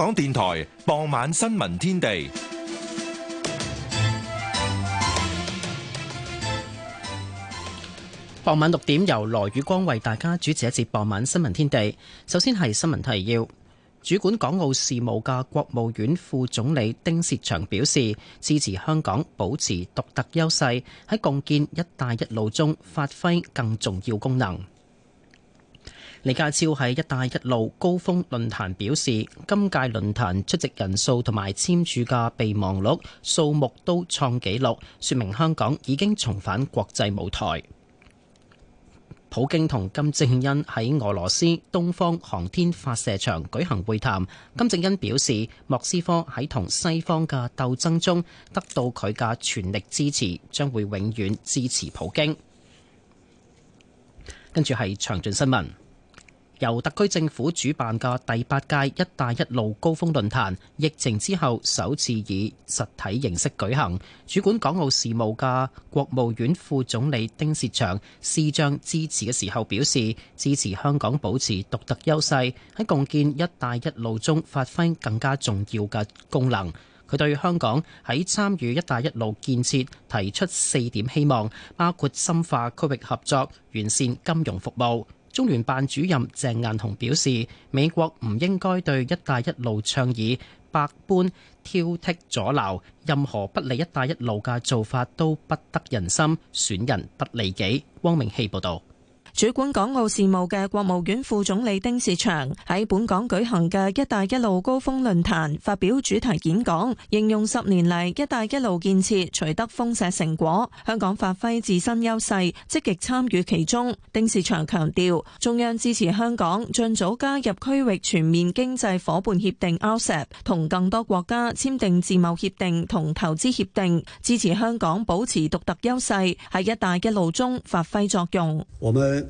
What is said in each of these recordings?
港電台傍晚新聞天地，傍晚六點由羅宇光為大家主持一節傍晚新聞天地。首先係新聞提要，主管港澳事務嘅國務院副總理丁薛祥表示，支持香港保持獨特優勢，喺共建“一帶一路”中發揮更重要功能。李家超喺“一帶一路”高峰論壇表示，今屆論壇出席人數同埋簽署嘅備忘錄數目都創紀錄，說明香港已經重返國際舞台。普京同金正恩喺俄羅斯東方航天發射場舉行會談。金正恩表示，莫斯科喺同西方嘅鬥爭中得到佢嘅全力支持，將會永遠支持普京。跟住係詳盡新聞。由特區政府主辦嘅第八屆“一帶一路”高峰論壇，疫情之後首次以實體形式舉行。主管港澳事務嘅國務院副總理丁薛祥視像致辭嘅時候表示，支持香港保持獨特優勢喺共建“一帶一路”中發揮更加重要嘅功能。佢對香港喺參與“一帶一路”建設提出四點希望，包括深化區域合作、完善金融服務。中聯辦主任鄭雁雄表示，美國唔應該對一帶一路倡議百般挑剔阻撓，任何不利一帶一路嘅做法都不得人心，損人不利己。汪明希報道。主管港澳事務嘅國務院副總理丁薛祥喺本港舉行嘅“一帶一路”高峰論壇發表主題演講，形容十年嚟，“一帶一路”建設取得豐碩成果，香港發揮自身優勢，積極參與其中。丁薛祥強調，中央支持香港盡早加入區域全面經濟夥伴協定 （RCEP），同更多國家簽訂自貿協定同投資協定，支持香港保持獨特優勢喺“一帶一路”中發揮作用。我們。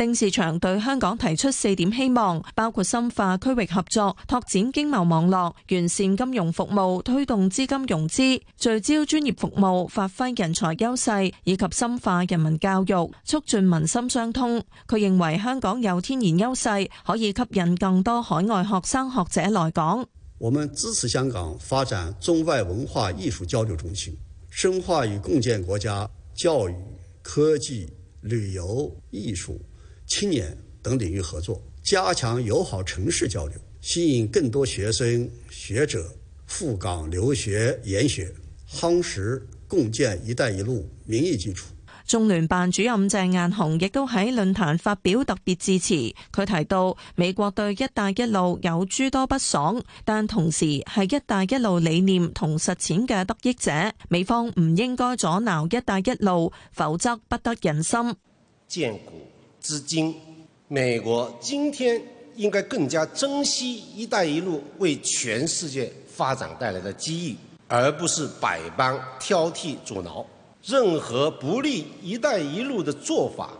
丁薛祥對香港提出四點希望，包括深化區域合作、拓展經貿網絡、完善金融服務、推動資金融資、聚焦專業服務、發揮人才優勢，以及深化人民教育、促進民心相通。佢認為香港有天然優勢，可以吸引更多海外學生學者來港。我們支持香港發展中外文化藝術交流中心，深化與共建國家教育、科技、旅遊、藝術、青年等領域合作，加強友好城市交流，吸引更多學生學者赴港留學研學，夯實共建“一帶一路”民意基礎。中聯辦主任鄭雁雄亦都喺論壇發表特別致辭，佢提到美國對“一帶一路”有諸多不爽，但同時係“一帶一路”理念同實踐嘅得益者，美方唔應該阻撓“一帶一路”，否則不得人心。堅固。至今，美國今天應該更加珍惜“一帶一路”為全世界發展帶來的機遇，而不是百般挑剔阻撓。任何不利“一帶一路”的做法，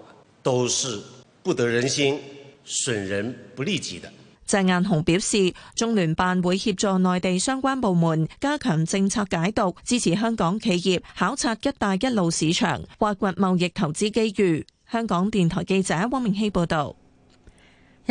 都是不得人心、損人不利己的。鄭雁雄表示，中聯辦會協助內地相關部門加強政策解讀，支持香港企業考察“一帶一路”市場，挖掘貿易投資機遇。香港電台記者汪明希報道。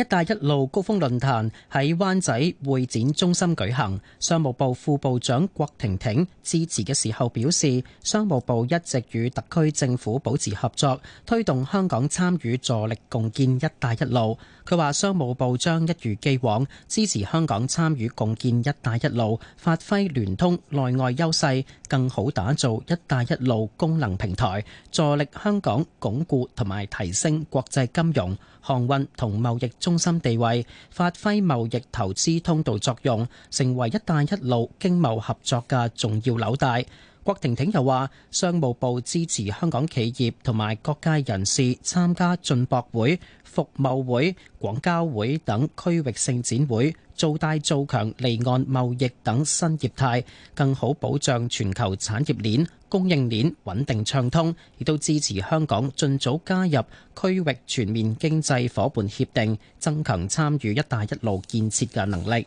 “一帶一路”高峰論壇喺灣仔會展中心舉行，商務部副部長郭婷婷致辭嘅時候表示，商務部一直與特區政府保持合作，推動香港參與助力共建“一帶一路”。佢話商務部將一如既往支持香港參與共建“一帶一路”，發揮聯通內外優勢，更好打造“一帶一路”功能平台，助力香港鞏固同埋提升國際金融航運同貿易中心地位，發揮貿易投資通道作用，成為「一帶一路」經貿合作嘅重要紐帶。郭婷婷又話，商務部支持香港企業同埋各界人士參加進博會、服貿會、廣交會等區域性展會，做大做強離岸貿易等新業態，更好保障全球產業鏈供應鏈穩定暢通，亦都支持香港盡早加入區域全面經濟夥伴協定，增強參與「一帶一路」建設嘅能力。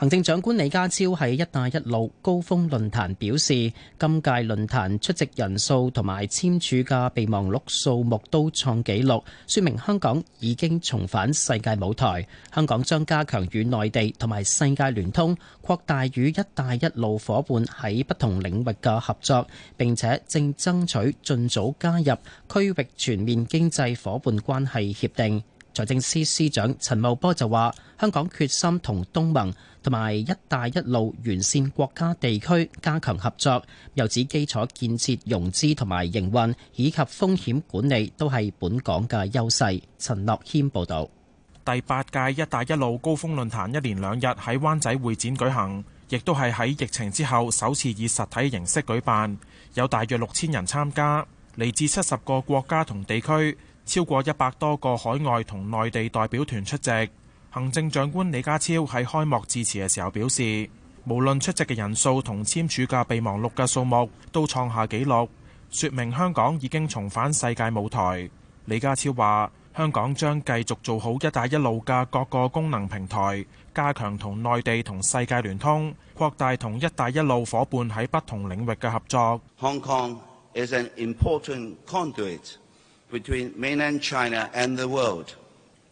行政長官李家超喺「一帶一路」高峰論壇表示，今屆論壇出席人數同埋簽署嘅備忘錄數目都創紀錄，說明香港已經重返世界舞台。香港將加強與內地同埋世界聯通，擴大與「一帶一路」伙伴喺不同領域嘅合作，並且正爭取盡早加入區域全面經濟伙伴關係協定。財政司司長陳茂波就話，香港決心同東盟。同埋“一帶一路”完善國家地區加強合作，又指基礎建設融資同埋營運以及風險管理都係本港嘅優勢。陳樂謙報道。第八屆“一帶一路”高峰論壇一連兩日喺灣仔會展舉行，亦都係喺疫情之後首次以實體形式舉辦，有大約六千人參加，嚟自七十個國家同地區，超過一百多個海外同內地代表團出席。行政長官李家超喺開幕致辭嘅時候表示，無論出席嘅人數同簽署嘅備忘錄嘅數目都創下紀錄，說明香港已經重返世界舞台。李家超話：香港將繼續做好「一帶一路」嘅各個功能平台，加強同內地同世界聯通，擴大同一帶一路伙伴喺不同領域嘅合作。Hong Kong is an important conduit between mainland China and the world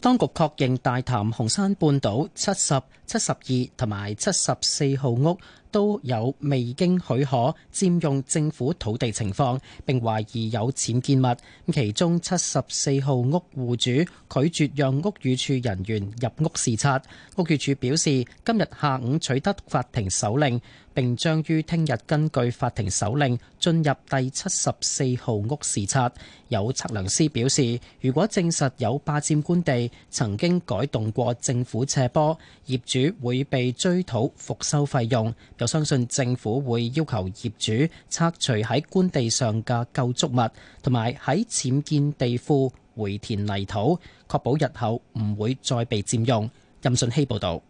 當局確認大潭紅山半島七十七十二同埋七十四號屋，都有未經許可佔用政府土地情況，並懷疑有僭建物。其中七十四號屋戶主拒絕讓屋宇處人員入屋視察。屋宇處表示，今日下午取得法庭手令，並將於聽日根據法庭手令進入第七十四號屋視察。有測量師表示，如果證實有霸佔官地、曾經改動過政府斜坡，業主會被追討復修費用。我相信政府會要求業主拆除喺官地上嘅舊築物，同埋喺僭建地庫回填泥土，確保日後唔會再被佔用。任信希報道。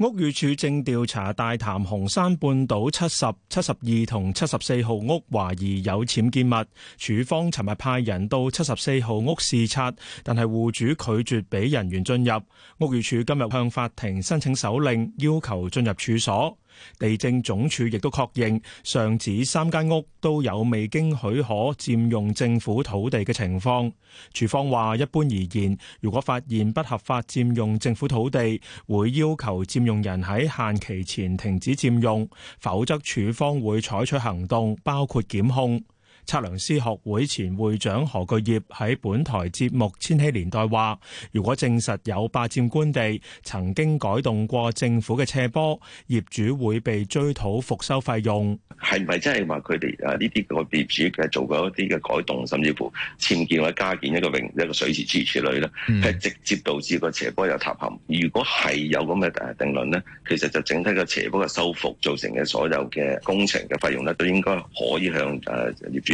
屋宇署正調查大潭紅山半島七十、七十二同七十四號屋，懷疑有僭建物。署方尋日派人到七十四號屋視察，但係戶主拒絕俾人員進入。屋宇署今日向法庭申請手令，要求進入處所。地政總署亦都確認，上址三間屋都有未經許可佔用政府土地嘅情況。署方話，一般而言，如果發現不合法佔用政府土地，會要求佔用人喺限期前停止佔用，否則署方會採取行動，包括檢控。測量師學會前會長何巨業喺本台節目《千禧年代》話，如果證實有霸佔官地，曾經改動過政府嘅斜坡，業主會被追討復修費用。係咪真係話佢哋誒呢啲個業主嘅做過一啲嘅改動，甚至乎僭建或者加建一個泳一個水池之類咧？係直接導致個斜坡又塌陷。如果係有咁嘅誒定論咧，其實就整體個斜坡嘅修復造成嘅所有嘅工程嘅費用咧，都應該可以向誒業主。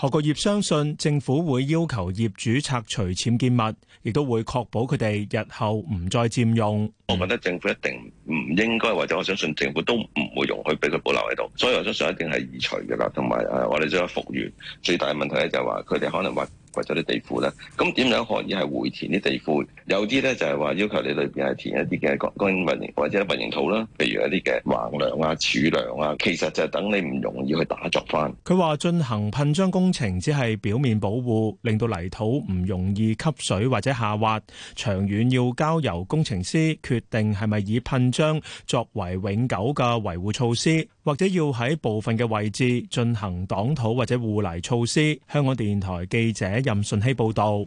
學個業，相信政府會要求業主拆除僭建物，亦都會確保佢哋日後唔再佔用、嗯。我覺得政府一定唔應該，或者我相信政府都唔會容許俾佢保留喺度，所以我相信一定係移除㗎喇。同埋誒，我哋將復原最大嘅問題咧就係話佢哋可能挖挖咗啲地庫啦，咁點樣可以係回填啲地庫？有啲咧就係話要求你裏邊係填一啲嘅乾乾運營或者運營土啦，譬如一啲嘅橫梁啊、柱梁啊，其實就係等你唔容易去打鑿返。佢話進行噴漿工。工程只係表面保護，令到泥土唔容易吸水或者下滑。長遠要交由工程師決定係咪以噴漿作為永久嘅維護措施，或者要喺部分嘅位置進行擋土或者護泥措施。香港電台記者任順希報道。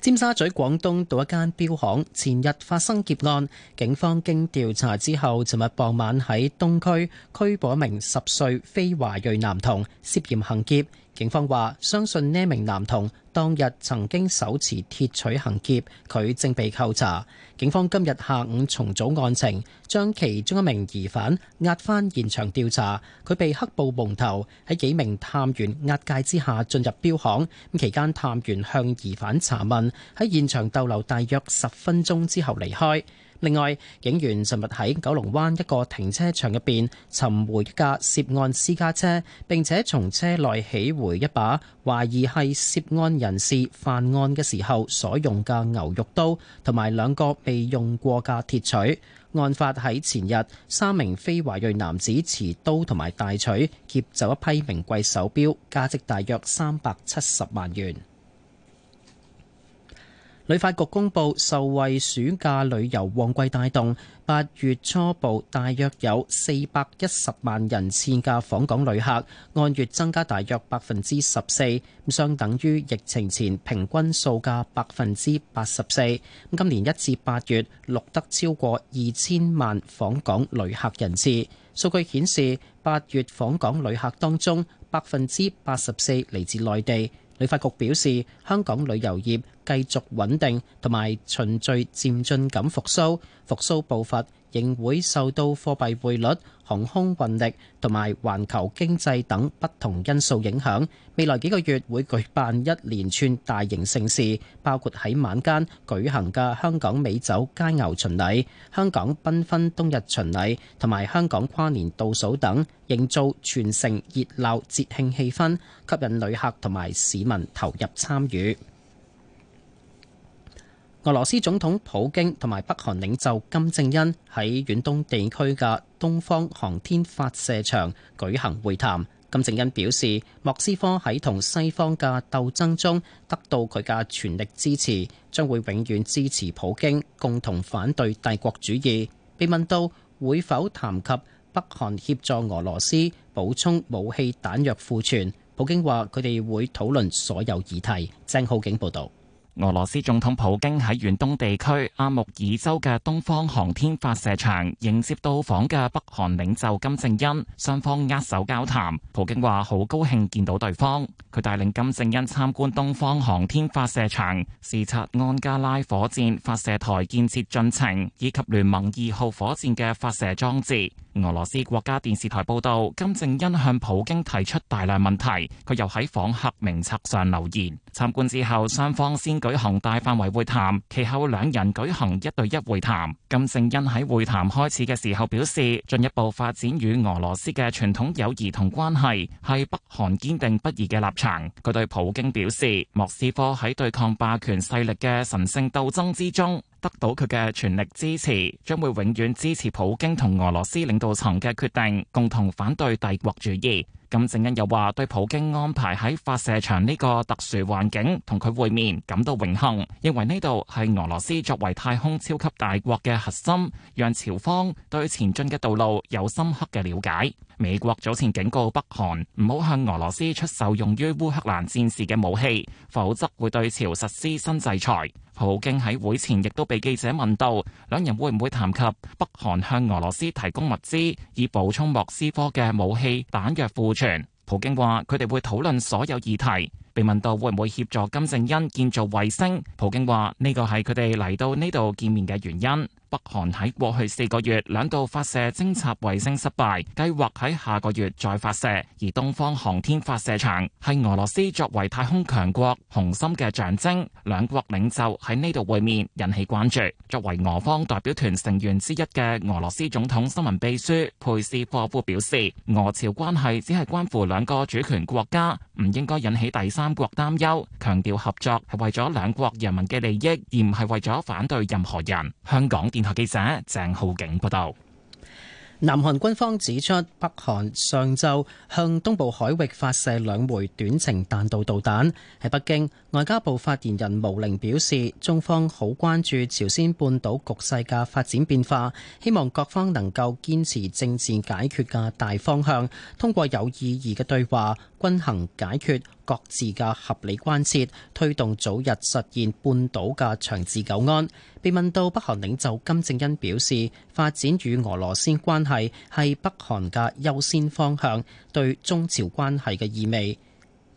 尖沙咀廣東道一間標行前日發生劫案，警方經調查之後，尋日傍晚喺東區拘捕一名十歲非華裔男童，涉嫌行劫。警方話：相信呢名男童當日曾經手持鐵錘行劫，佢正被扣查。警方今日下午重組案情，將其中一名疑犯押翻現場調查。佢被黑布蒙頭，喺幾名探員押解之下進入標行。期間，探員向疑犯查問，喺現場逗留大約十分鐘之後離開。另外，警員尋日喺九龍灣一個停車場入邊尋回一架涉案私家車，並且從車內起回一把懷疑係涉案人士犯案嘅時候所用嘅牛肉刀，同埋兩個未用過嘅鐵錘。案發喺前日，三名非華裔男子持刀同埋大錘劫走一批名貴手錶，價值大約三百七十萬元。旅發局公布，受惠暑假旅遊旺季帶動，八月初步大約有四百一十萬人次嘅訪港旅客，按月增加大約百分之十四，相等於疫情前平均數嘅百分之八十四。今年一至八月錄得超過二千萬訪港旅客人次。數據顯示，八月訪港旅客當中百分之八十四嚟自內地。旅發局表示，香港旅遊業繼續穩定，同埋循序漸進咁復蘇復蘇步伐，仍會受到貨幣匯率、航空運力同埋環球經濟等不同因素影響。未來幾個月會舉辦一連串大型盛事，包括喺晚間舉行嘅香港美酒佳肴巡禮、香港繽紛冬日巡禮同埋香港跨年倒數等，營造全城熱鬧節慶氣氛，吸引旅客同埋市民投入參與。俄羅斯總統普京同埋北韓領袖金正恩喺遠東地區嘅東方航天發射場舉行會談。金正恩表示，莫斯科喺同西方嘅鬥爭中得到佢嘅全力支持，將會永遠支持普京，共同反對帝國主義。被問到會否談及北韓協助俄羅斯補充武器彈藥庫存，普京話佢哋會討論所有議題。鄭浩景報道。俄羅斯總統普京喺遠東地區阿穆爾州嘅東方航天發射場迎接到訪嘅北韓領袖金正恩，雙方握手交談。普京話好高興見到對方，佢帶領金正恩參觀東方航天發射場，視察安加拉火箭發射台建設進程，以及聯盟二號火箭嘅發射裝置。俄羅斯國家電視台報道，金正恩向普京提出大量問題，佢又喺訪客名冊上留言。參觀之後，雙方先舉行大範圍會談，其後兩人舉行一對一會談。金正恩喺會談開始嘅時候表示，進一步發展與俄羅斯嘅傳統友誼同關係，係北韓堅定不移嘅立場。佢對普京表示，莫斯科喺對抗霸權勢力嘅神聖鬥爭之中。得到佢嘅全力支持，將會永遠支持普京同俄羅斯領導層嘅決定，共同反對帝國主義。金正恩又話對普京安排喺發射場呢個特殊環境同佢會面感到榮幸，認為呢度係俄羅斯作為太空超級大國嘅核心，讓朝方對前進嘅道路有深刻嘅了解。美國早前警告北韓唔好向俄羅斯出售用於烏克蘭戰事嘅武器，否則會對朝實施新制裁。普京喺會前亦都被記者問到，兩人會唔會談及北韓向俄羅斯提供物資以補充莫斯科嘅武器彈藥庫存，普京話佢哋會討論所有議題。被問到會唔會協助金正恩建造衛星，普京話呢個係佢哋嚟到呢度見面嘅原因。北韓喺過去四個月兩度發射偵察衛星失敗，計劃喺下個月再發射。而東方航天發射場係俄羅斯作為太空強國雄心嘅象徵，兩國領袖喺呢度會面引起關注。作為俄方代表團成員之一嘅俄羅斯總統新聞秘書佩斯科夫表示，俄朝關係只係關乎兩個主權國家，唔應該引起第三。三國擔憂，強調合作係為咗兩國人民嘅利益，而唔係為咗反對任何人。香港電台記者鄭浩景報道。南韓軍方指出，北韓上晝向東部海域發射兩枚短程彈道導彈。喺北京，外交部發言人毛寧表示，中方好關注朝鮮半島局勢嘅發展變化，希望各方能夠堅持政治解決嘅大方向，通過有意義嘅對話均衡解決。各自嘅合理關切，推動早日實現半島嘅長治久安。被問到北韓領袖金正恩表示發展與俄羅斯關係係北韓嘅優先方向，對中朝關係嘅意味，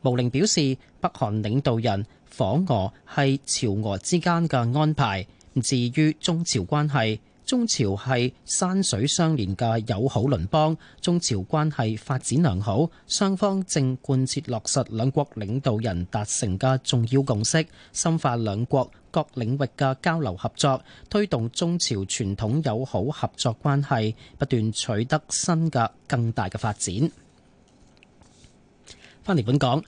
毛寧表示北韓領導人訪俄係朝俄之間嘅安排。至於中朝關係。中朝係山水相連嘅友好鄰邦，中朝關係發展良好，雙方正貫徹落實兩國領導人達成嘅重要共識，深化兩國各領域嘅交流合作，推動中朝傳統友好合作關係不斷取得新嘅更大嘅發展。翻嚟本港。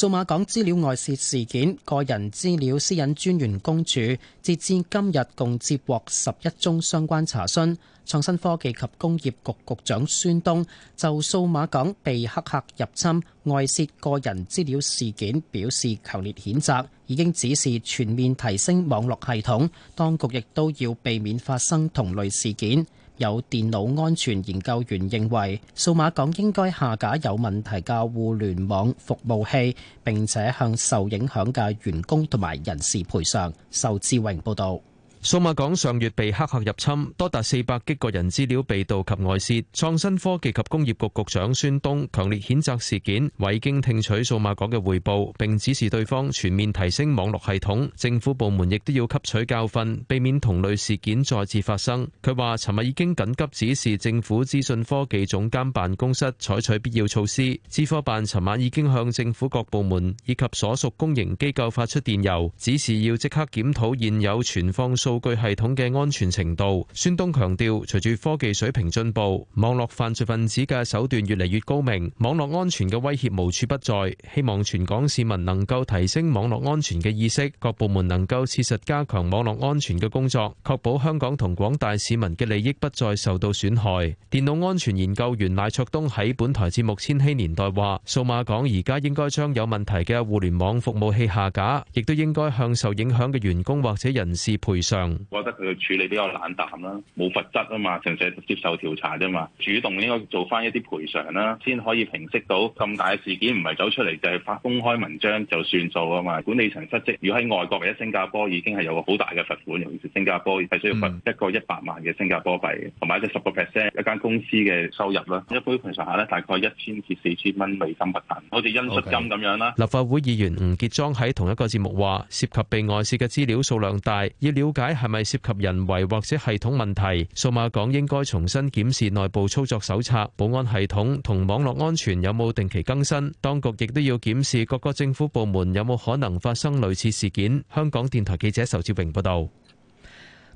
數碼港資料外泄事件，個人資料私隱專員公署截至今日共接獲十一宗相關查詢。創新科技及工業局局,局長孫東就數碼港被黑客入侵外泄個人資料事件表示強烈譴責，已經指示全面提升網絡系統，當局亦都要避免發生同類事件。有電腦安全研究員認為，數碼港應該下架有問題嘅互聯網服務器，並且向受影響嘅員工同埋人士賠償。仇志榮報道。數碼港上月被黑客入侵，多達四百億個人資料被盜及外泄。創新科技及工業局局長孫東強烈譴責事件，已經聽取數碼港嘅匯報，並指示對方全面提升網絡系統。政府部門亦都要吸取教訓，避免同類事件再次發生。佢話：尋日已經緊急指示政府資訊科技總監辦公室採取必要措施。資科辦尋晚已經向政府各部門以及所屬公營機構發出電郵，指示要即刻檢討現有全方數據系統嘅安全程度，孫東強調，隨住科技水平進步，網絡犯罪分子嘅手段越嚟越高明，網絡安全嘅威脅無處不在。希望全港市民能夠提升網絡安全嘅意識，各部門能夠切實加強網絡安全嘅工作，確保香港同廣大市民嘅利益不再受到損害。電腦安全研究員賴卓東喺本台節目《千禧年代》話：數碼港而家應該將有問題嘅互聯網服務器下架，亦都應該向受影響嘅員工或者人士賠償。我覺得佢嘅處理比較冷淡啦，冇罰則啊嘛，純粹接受調查啫嘛，主動應該做翻一啲賠償啦，先可以平息到咁大嘅事件。唔係走出嚟就係發公開文章就算數啊嘛。管理層失職，如果喺外國或者新加坡已經係有個好大嘅罰款，尤其是新加坡係需要罰一個一百萬嘅新加坡幣，同埋即十個 percent 一間公司嘅收入啦。一般平常下咧，大概一千至四千蚊美金罰單，好似因失金咁樣啦。Okay. 立法會議員吳傑莊喺同一個節目話，涉及被外洩嘅資料數量大，要了解。係咪涉及人為或者系統問題？數碼港應該重新檢視內部操作手冊、保安系統同網絡安全有冇定期更新？當局亦都要檢視各個政府部門有冇可能發生類似事件。香港電台記者仇志榮報道。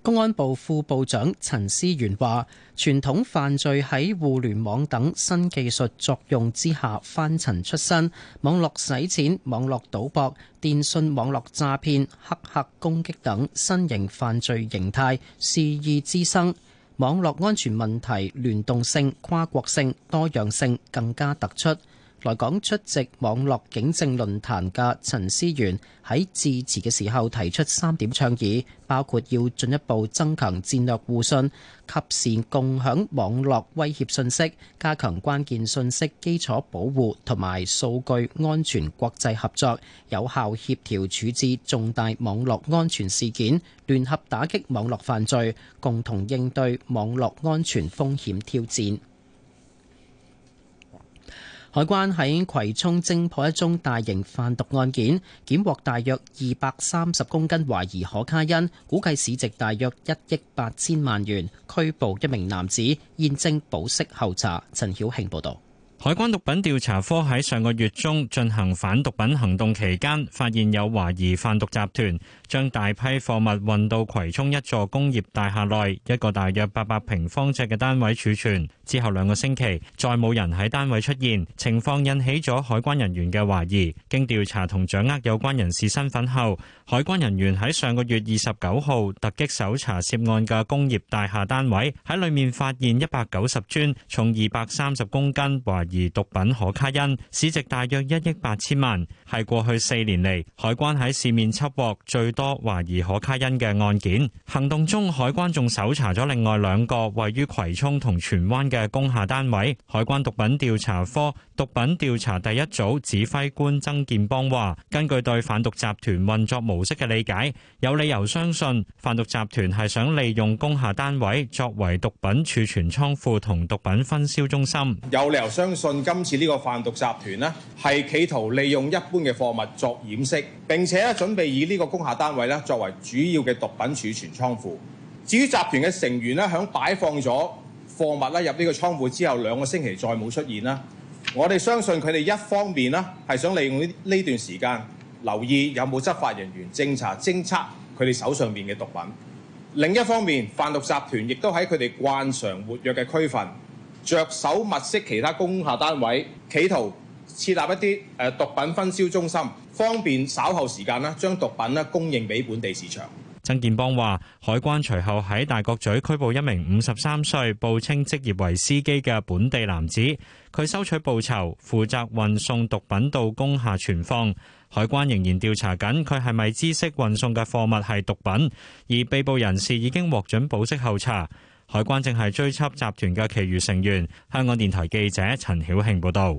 公安部副部長陳思源話，傳統犯罪喺互聯網等新技術作用之下翻陳出新，網絡洗錢、網絡賭博、電信網絡詐騙、黑客攻擊等新型犯罪形態肆意滋生，網絡安全問題聯動性、跨國性、多樣性更加突出。來港出席網絡警政論壇嘅陳思源喺致辭嘅時候提出三點倡議，包括要進一步增強戰略互信、及時共享網絡威脅信息、加強關鍵信息基礎保護同埋數據安全國際合作、有效協調處置重大網絡安全事件、聯合打擊網絡犯罪、共同應對網絡安全風險挑戰。海關喺葵涌偵破一宗大型販毒案件，檢獲大約二百三十公斤懷疑可卡因，估計市值大約一億八千萬元，拘捕一名男子，現正保釋候查。陳曉慶報道：海關毒品調查科喺上個月中進行反毒品行動期間，發現有懷疑販毒集團將大批貨物運到葵涌一座工業大廈內一個大約八百平方尺嘅單位儲存。之後兩個星期，再冇人喺單位出現，情況引起咗海關人員嘅懷疑。經調查同掌握有關人士身份後，海關人員喺上個月二十九號突擊搜查涉案嘅工業大廈單位，喺裏面發現一百九十磚重二百三十公斤懷疑毒品可卡因，市值大約一億八千萬，係過去四年嚟海關喺市面緝獲最多懷疑可卡因嘅案件。行動中，海關仲搜查咗另外兩個位於葵涌同荃灣。嘅工廈單位，海關毒品調查科毒品調查第一組指揮官曾建邦話：根據對販毒集團運作模式嘅理解，有理由相信販毒集團係想利用工廈單位作為毒品儲存倉庫同毒品分銷中心。有理由相信今次呢個販毒集團咧，係企圖利用一般嘅貨物作掩飾，並且咧，準備以呢個工廈單位咧，作為主要嘅毒品儲存倉庫。至於集團嘅成員呢，響擺放咗貨物啦入呢個倉庫之後，兩個星期再冇出現啦，我哋相信佢哋一方面啦係想利用呢呢段時間留意有冇執法人員偵查偵測佢哋手上邊嘅毒品，另一方面，販毒集團亦都喺佢哋慣常活躍嘅區份着手物色其他工廈單位，企圖設立一啲誒毒品分銷中心，方便稍後時間啦將毒品啦供應俾本地市場。曾健邦話，海關隨後喺大角咀拘捕一名五十三歲，報稱職業為司機嘅本地男子。佢收取報酬，負責運送毒品到工廈存放。海關仍然調查緊佢係咪知悉運送嘅貨物係毒品。而被捕人士已經獲准保釋候查。海關正係追緝集團嘅其餘成員。香港電台記者陳曉慶報道。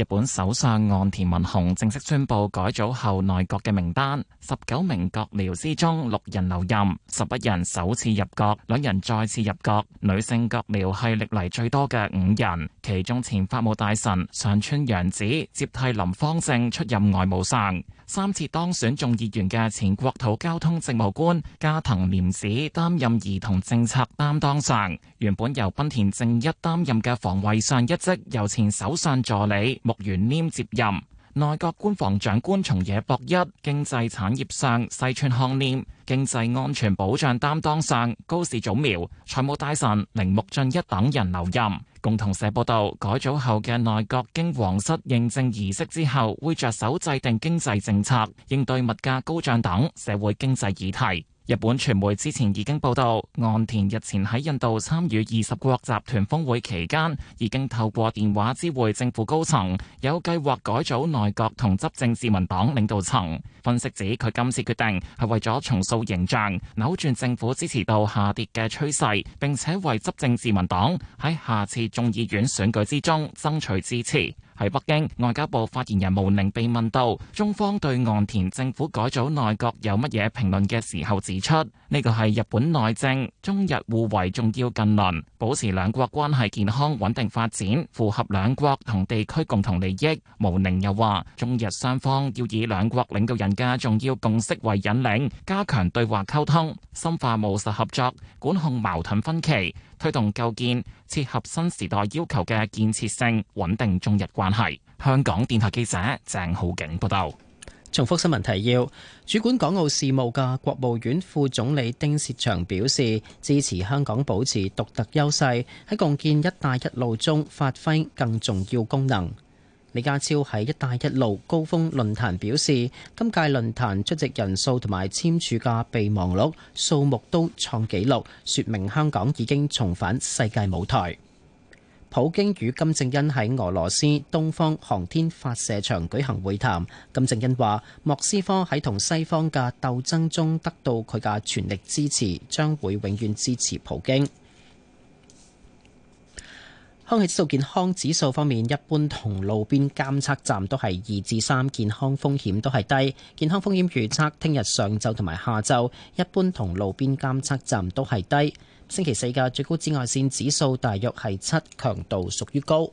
日本首相岸田文雄正式宣布改組後內閣嘅名單，十九名閣僚之中六人留任，十一人首次入閣，兩人再次入閣。女性閣僚係歷嚟最多嘅五人，其中前法務大臣上川陽子接替林芳正出任外務相。三次當選眾議員嘅前國土交通政務官加藤鮎子擔任兒童政策擔當相，原本由濱田靖一擔任嘅防衛相一職由前首相助理木原稔接任，內閣官房長官松野博一、經濟產業相西村康稔、經濟安全保障擔當相高市早苗、財務大臣鈴木俊一等人留任。共同社報道，改組後嘅內閣經皇室認證儀式之後，會着手制定經濟政策，應對物價高漲等社會經濟議題。日本傳媒之前已經報道，岸田日前喺印度參與二十國集團峰會期間，已經透過電話知會政府高層，有計劃改組內閣同執政自民黨領導層。分析指，佢今次決定係為咗重塑形象，扭轉政府支持度下跌嘅趨勢，並且為執政自民黨喺下次眾議院選舉之中爭取支持。喺北京，外交部發言人毛寧被問到中方對岸田政府改組內閣有乜嘢評論嘅時候，指出呢個係日本內政，中日互為重要近鄰。保持兩國關係健康穩定發展，符合兩國同地區共同利益。毛寧又話：中日雙方要以兩國領導人嘅重要共識為引領，加強對話溝通，深化務實合作，管控矛盾分歧，推動構建切合新時代要求嘅建設性穩定中日關係。香港電台記者鄭浩景報道。重複新聞提要：主管港澳事務嘅國務院副總理丁薛祥表示，支持香港保持獨特優勢，喺共建「一帶一路」中發揮更重要功能。李家超喺「一帶一路」高峰論壇表示，今屆論壇出席人數同埋簽署嘅備忘錄數目都創紀錄，說明香港已經重返世界舞台。普京與金正恩喺俄羅斯東方航天發射場舉行會談。金正恩話：莫斯科喺同西方嘅鬥爭中得到佢嘅全力支持，將會永遠支持普京。空氣質素健康指數方面，一般同路邊監測站都係二至三，健康風險都係低。健康風險預測，聽日上晝同埋下晝，一般同路邊監測站都係低。星期四嘅最高紫外線指數大約係七，強度屬於高。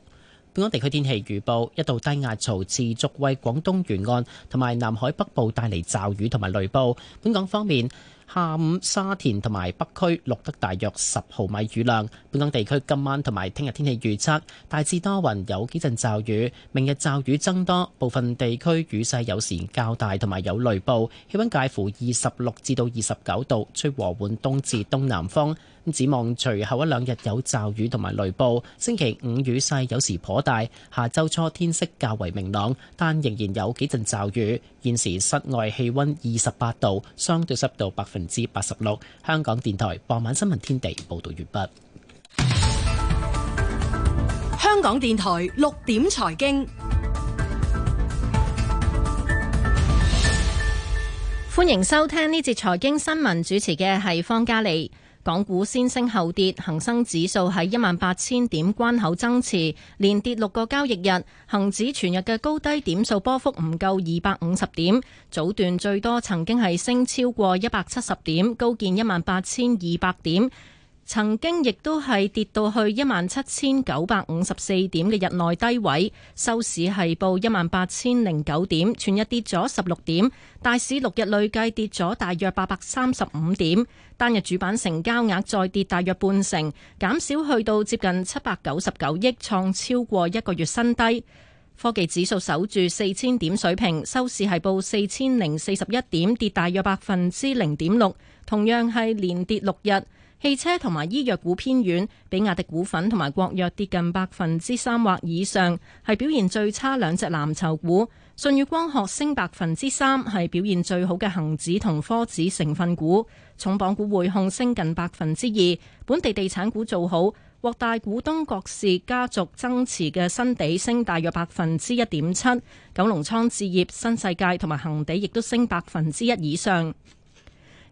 本港地區天氣預報，一道低壓槽持續為廣東沿岸同埋南海北部帶嚟驟雨同埋雷暴。本港方面，下午沙田同埋北區錄得大約十毫米雨量。本港地區今晚同埋聽日天氣預測，大致多雲，有幾陣驟雨。明日驟雨增多，部分地區雨勢有時較大，同埋有雷暴。氣溫介乎二十六至到二十九度，吹和緩東至東南風。展望隨後一兩日有驟雨同埋雷暴，星期五雨勢有時頗大，下周初天色較為明朗，但仍然有幾陣驟雨。現時室外氣溫二十八度，相對濕度百分之八十六。香港電台傍晚新聞天地報道完畢。香港電台六點財經，歡迎收聽呢節財經新聞，主持嘅係方嘉莉。港股先升後跌，恒生指數喺一萬八千點關口爭持，連跌六個交易日。恒指全日嘅高低點數波幅唔夠二百五十點，早段最多曾經係升超過一百七十點，高見一萬八千二百點。曾經亦都係跌到去一萬七千九百五十四點嘅日內低位，收市係報一萬八千零九點，全日跌咗十六點。大市六日累計跌咗大約八百三十五點，單日主板成交額再跌大約半成，減少去到接近七百九十九億，創超過一個月新低。科技指數守住四千點水平，收市係報四千零四十一點，跌大約百分之零點六，同樣係連跌六日。汽車同埋醫藥股偏軟，比亞迪股份同埋國藥跌近百分之三或以上，係表現最差兩隻藍籌股。舜宇光學升百分之三，係表現最好嘅恒指同科指成分股。重磅股匯控升近百分之二，本地地產股做好，獲大股東郭氏家族增持嘅新地升大約百分之一點七，九龍倉置業、新世界同埋恒地亦都升百分之一以上。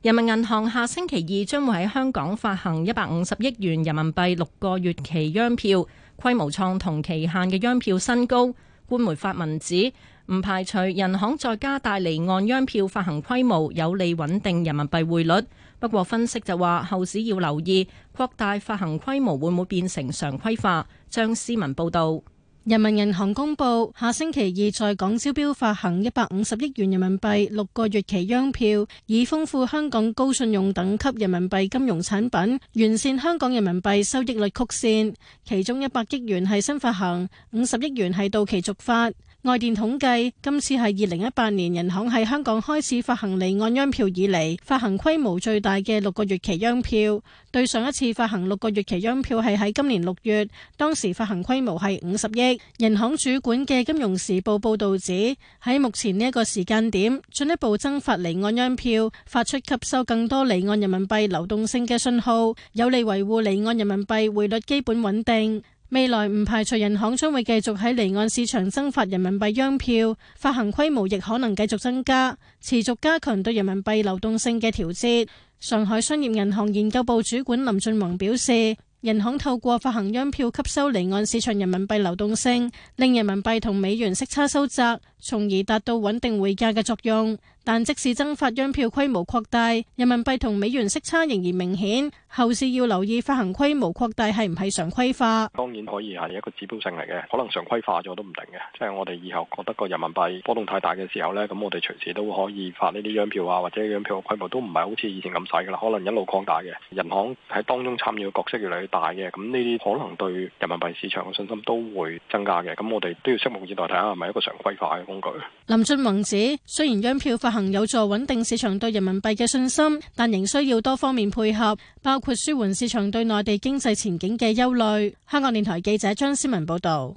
人民銀行下星期二將會喺香港發行一百五十億元人民幣六個月期央票，規模創同期限嘅央票新高。官媒發文指，唔排除人行再加大離岸央票發行規模，有利穩定人民幣匯率。不過，分析就話後市要留意擴大發行規模會唔會變成常規化。張思文報道。人民銀行公布，下星期二在港招標發行一百五十億元人民幣六個月期央票，以豐富香港高信用等級人民幣金融產品，完善香港人民幣收益率曲線。其中一百億元係新發行，五十億元係到期續發。外電統計，今次係二零一八年，人行喺香港開始發行離岸央票以嚟發行規模最大嘅六個月期央票。對上一次發行六個月期央票係喺今年六月，當時發行規模係五十億。人行主管嘅《金融時報》報道指，喺目前呢一個時間點，進一步增發離岸央票，發出吸收更多離岸人民幣流動性嘅信號，有利維護離岸人民幣匯率基本穩定。未來唔排除銀行將會繼續喺離岸市場增發人民幣央票，發行規模亦可能繼續增加，持續加強對人民幣流動性嘅調節。上海商業銀行研究部主管林俊宏表示，銀行透過發行央票吸收離岸市場人民幣流動性，令人民幣同美元息差收窄，從而達到穩定匯價嘅作用。但即使增發央票規模擴大，人民幣同美元息差仍然明顯。後市要留意發行規模擴大係唔係常規化。當然可以係一個指標性嚟嘅，可能常規化咗都唔定嘅。即係我哋以後覺得個人民幣波動太大嘅時候呢，咁我哋隨時都可以發呢啲央票啊，或者央票嘅規模都唔係好似以前咁細噶啦，可能一路擴大嘅。銀行喺當中參與嘅角色越嚟越大嘅，咁呢啲可能對人民幣市場嘅信心都會增加嘅。咁我哋都要拭目以待睇下係咪一個常規化嘅工具。林俊雄指，雖然央票發有助穩定市場對人民幣嘅信心，但仍需要多方面配合，包括舒緩市場對內地經濟前景嘅憂慮。香港電台記者張思文報道。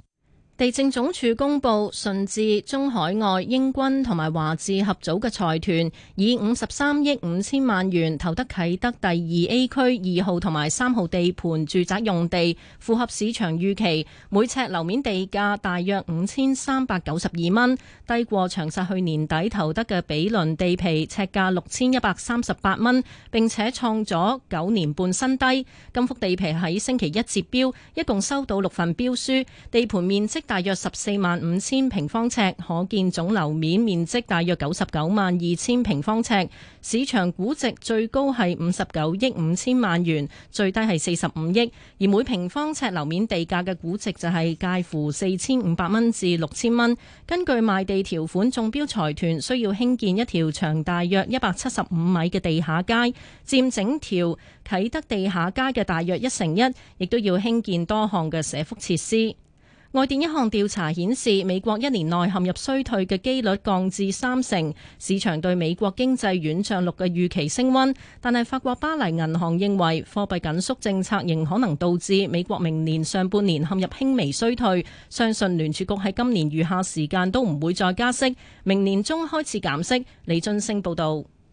地政總署公布，順治中海外英軍同埋華智合組嘅財團以五十三億五千萬元投得啟德第二 A 區二號同埋三號地盤住宅用地，符合市場預期，每尺樓面地價大約五千三百九十二蚊，低過長實去年底投得嘅比鄰地皮尺價六千一百三十八蚊，並且創咗九年半新低。今幅地皮喺星期一接標，一共收到六份標書，地盤面積。大約十四萬五千平方尺，可見總樓面面積大約九十九萬二千平方尺。市場估值最高係五十九億五千萬元，最低係四十五億。而每平方尺樓面地價嘅估值就係介乎四千五百蚊至六千蚊。根據賣地條款，中標財團需要興建一條長大約一百七十五米嘅地下街，佔整條啟德地下街嘅大約一成一，亦都要興建多項嘅社福設施。外電一項調查顯示，美國一年內陷入衰退嘅幾率降至三成，市場對美國經濟軟着陸嘅預期升溫。但係法國巴黎銀行認為，貨幣緊縮政策仍可能導致美國明年上半年陷入輕微衰退。相信聯儲局喺今年餘下時間都唔會再加息，明年中開始減息。李津升報道。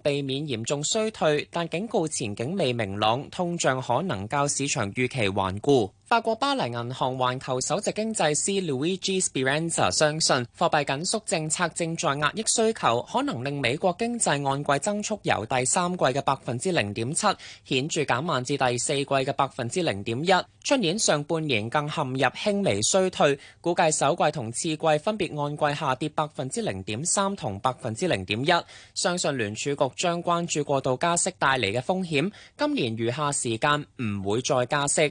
避免嚴重衰退，但警告前景未明朗，通脹可能較市場預期頑固。法國巴黎銀行環球首席經濟師 Luigi Speranza 相信，貨幣緊縮政策正在壓抑需求，可能令美國經濟按季增速由第三季嘅百分之零點七顯著減慢至第四季嘅百分之零點一。出年上半年更陷入輕微衰退，估計首季同次季分別按季下跌百分之零點三同百分之零點一。相信聯儲局將關注過度加息帶嚟嘅風險，今年餘下時間唔會再加息。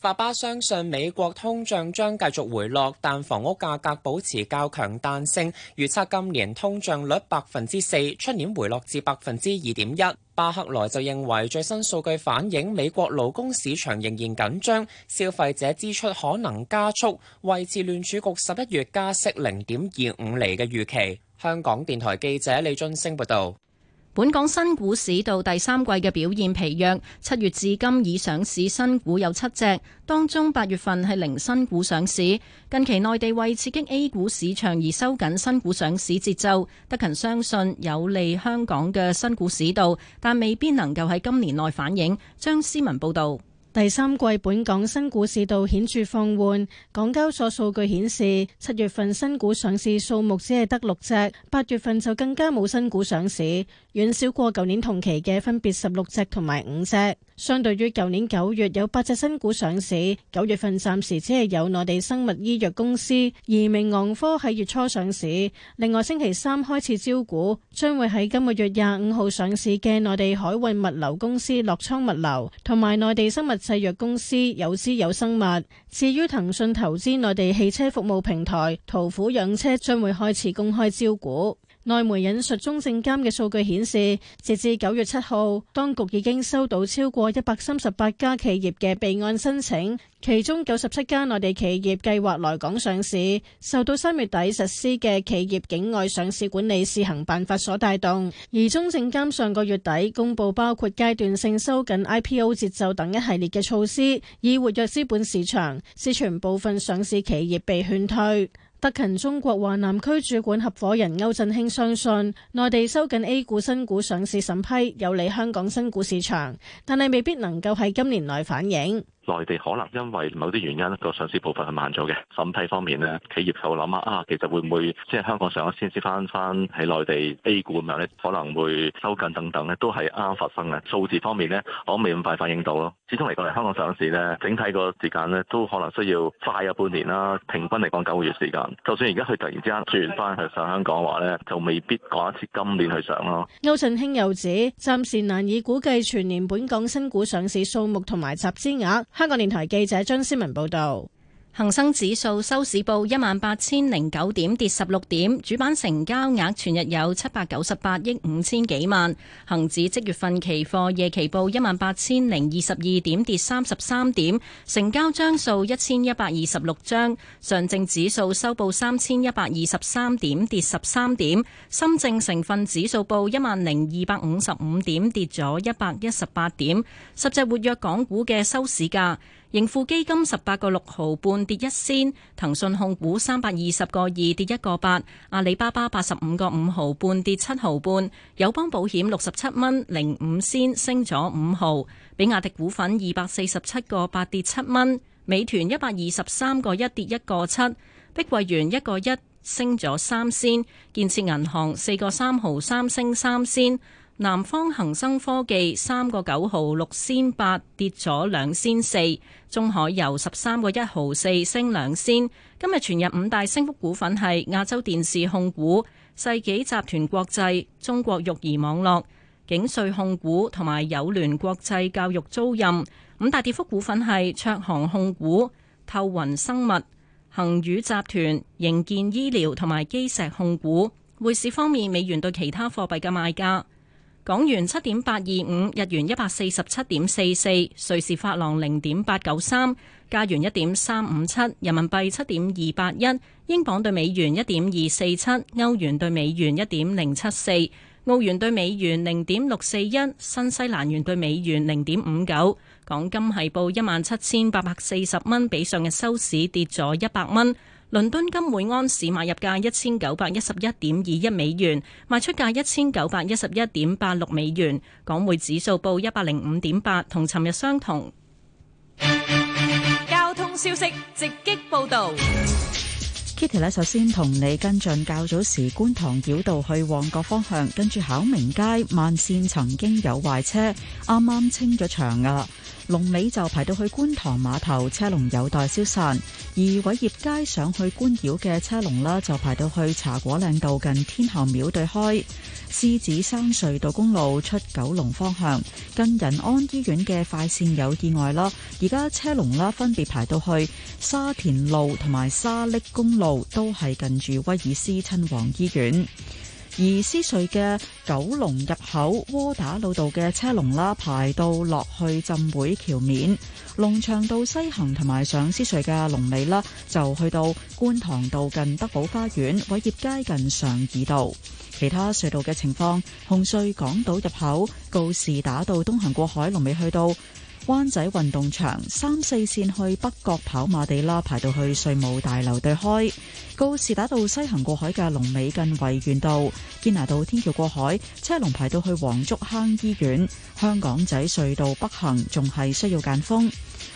法巴相信美國通脹將繼續回落，但房屋價格保持較強彈性，預測今年通脹率百分之四，出年回落至百分之二點一。巴克萊就認為最新數據反映美國勞工市場仍然緊張，消費者支出可能加速，維持聯儲局十一月加息零點二五厘嘅預期。香港電台記者李俊升報道。本港新股市道第三季嘅表現疲弱，七月至今已上市新股有七隻，當中八月份係零新股上市。近期內地為刺激 A 股市場而收緊新股上市節奏，德勤相信有利香港嘅新股市道，但未必能夠喺今年內反映。張思文報道，第三季本港新股市道顯著放緩。港交所數據顯示，七月份新股上市數目只係得六隻，八月份就更加冇新股上市。遠少過舊年同期嘅，分別十六隻同埋五隻，相對於舊年九月有八隻新股上市，九月份暫時只係有內地生物醫藥公司宜明昂科喺月初上市，另外星期三開始招股，將會喺今個月廿五號上市嘅內地海運物流公司樂艙物流同埋內地生物製藥公司友芝友生物，至於騰訊投資內地汽車服務平台途虎養車將會開始公開招股。外媒引述中證監嘅數據顯示，截至九月七號，當局已經收到超過一百三十八家企業嘅備案申請，其中九十七家內地企業計劃來港上市，受到三月底實施嘅企業境外上市管理試行辦法所帶動。而中證監上個月底公布包括階段性收緊 IPO 節奏等一系列嘅措施，以活躍資本市場，使部分上市企業被勸退。德勤中國華南區主管合夥人歐振興相信，內地收緊 A 股新股上市審批，有利香港新股市場，但係未必能夠喺今年內反映。內地可能因為某啲原因個上市步伐係慢咗嘅，審批方面呢，企業就諗下啊，其實會唔會即係香港上市先至翻翻喺內地 A 股咁樣咧，可能會收緊等等咧，都係啱發生嘅。數字方面呢，我未咁快反應到咯。始終嚟講嚟香港上市咧，整體個時間咧都可能需要快有半年啦，平均嚟講九個月時間。就算而家佢突然之間轉翻去上香港嘅話咧，就未必趕得切今年去上咯。歐振興又指，暫時難以估計全年本港新股上市數目同埋集資額。香港電台記者張思文報道。恒生指數收市報一萬八千零九點，跌十六點。主板成交額全日有七百九十八億五千幾萬。恒指即月份期貨夜期報一萬八千零二十二點，跌三十三點，成交張數一千一百二十六張。上證指數收報三千一百二十三點，跌十三點。深證成分指數報一萬零二百五十五點，跌咗一百一十八點。十隻活躍港股嘅收市價。盈富基金十八個六毫半跌一仙，騰訊控股三百二十個二跌一個八，阿里巴巴八十五個五毫半跌七毫半，友邦保險六十七蚊零五仙升咗五毫，比亞迪股份二百四十七個八跌七蚊，美團一百二十三個一跌一個七，碧桂園一個一升咗三仙，建設銀行四個三毫三升三仙。南方恒生科技三個九毫六仙八跌咗兩仙四，中海油十三個一毫四升兩仙，今日全日五大升幅股份係亞洲電視控股、世紀集團國際、中國育兒網絡、景瑞控股同埋友聯國際教育租賃。五大跌幅股份係卓航控股、透雲生物、恒宇集團、營建醫療同埋基石控股。匯市方面，美元對其他貨幣嘅賣價。港元七點八二五，日元一百四十七點四四，瑞士法郎零點八九三，加元一點三五七，人民幣七點二八一，英鎊兌美元一點二四七，歐元兌美元一點零七四，澳元兌美元零點六四一，新西蘭元兌美元零點五九。港金係報一萬七千八百四十蚊，比上日收市跌咗一百蚊。倫敦金每安士買入價一千九百一十一點二一美元，賣出價一千九百一十一點八六美元。港匯指數報一百零五點八，同尋日相同。交通消息直擊報道。Kitty 首先同你跟進較早時觀塘繞道去旺角方向，跟住考明街慢線曾經有壞車，啱啱清咗場㗎。龍尾就排到去觀塘碼頭，車龍有待消散；而偉業街上去觀繞嘅車龍啦，就排到去茶果嶺道近天后廟對開。獅子山隧道公路出九龍方向，近仁安醫院嘅快線有意外啦。而家車龍啦，分別排到去沙田路同埋沙瀝公路，都係近住威爾斯親王醫院。而獅隧嘅九龍入口窩打老道嘅車龍啦，排到落去浸會橋面；龍翔道西行同埋上獅隧嘅龍尾啦，就去到觀塘道近德寶花園、偉業街近上怡道。其他隧道嘅情況，紅隧港島入口告士打道東行過海龍尾去到。灣仔運動場三四線去北角跑馬地啦，排到去稅務大樓對開；告士打道西行過海嘅龍尾近維園道，堅拿道天橋過海車龍排到去黃竹坑醫院；香港仔隧道北行仲係需要間封。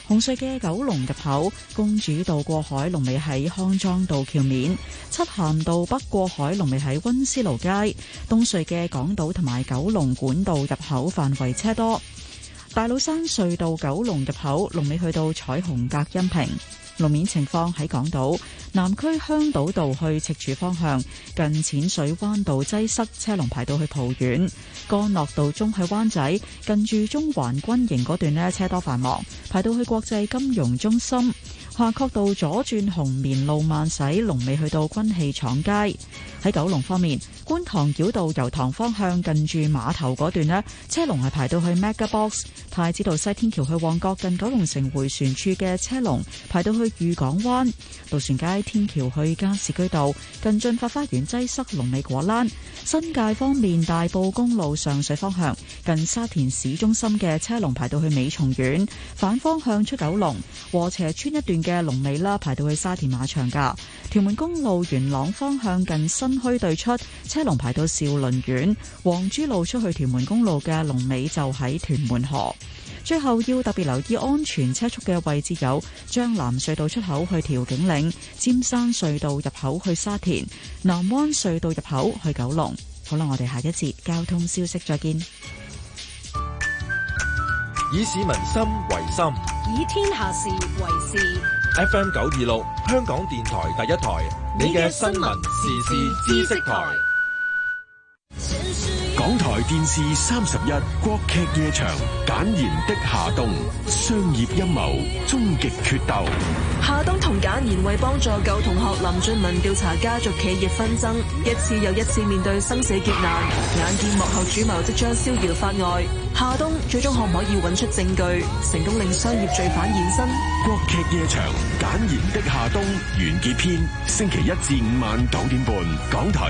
紅隧嘅九龍入口，公主道過海龍尾喺康莊道橋面；漆咸道北過海龍尾喺溫思勞街；東隧嘅港島同埋九龍管道入口範圍車多。大老山隧道九龍入口，龍尾去到彩虹隔音屏。路面情況喺港島南區香島道去赤柱方向，近淺水灣道擠塞，車龍排到去蒲遠。干諾道中去灣仔，近住中環軍營嗰段呢，車多繁忙，排到去國際金融中心。下角道，左轉紅棉路慢駛，龍尾去到軍器廠街。喺九龍方面，觀塘繞道油塘方向近住碼頭嗰段咧，車龍係排到去 Mega Box。太子道西天橋去旺角近九龍城迴旋處嘅車龍排到去御港灣。渡船街天橋去加士居道近駿發花園擠塞，龍尾果欄。新界方面，大埔公路上水方向近沙田市中心嘅車龍排到去美松苑，反方向出九龍和斜村，一段嘅。嘅龍尾啦，排到去沙田馬場噶。屯門公路元朗方向近新墟對出，車龍排到兆麟苑。黃珠路出去屯門公路嘅龍尾就喺屯門河。最後要特別留意安全車速嘅位置有：將藍隧道出口去調景嶺，尖山隧道入口去沙田，南灣隧道入口去九龍。好啦，我哋下一節交通消息再見。以市民心為心，以天下事為事。FM 九二六，香港電台第一台，你嘅新聞時事知識台。港台電視三十一，國劇夜場，簡言的夏冬，商業陰謀，終極決鬥。夏冬同簡言為幫助舊同學林俊文調查家族企業紛爭，一次又一次面對生死劫難，眼見幕後主謀即將逍遙法外。夏冬最終可唔可以揾出證據，成功令商業罪犯現身？國劇夜場，簡言的夏冬完結篇，星期一至五晚九點半，港台。